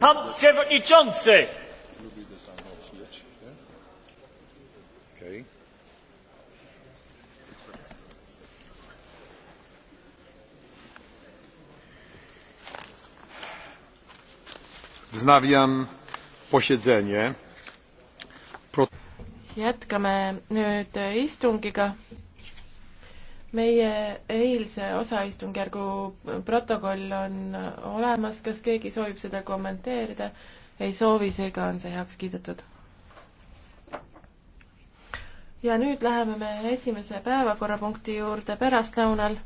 Pan przewodniczący! Wznawiam posiedzenie. jätkame nüüd istungiga meie eilse osaistungjärgu protokoll on olemas, kas keegi soovib seda kommenteerida? ei soovi, seega on see heaks kiidetud. ja nüüd läheme me esimese päevakorrapunkti juurde pärastlõunal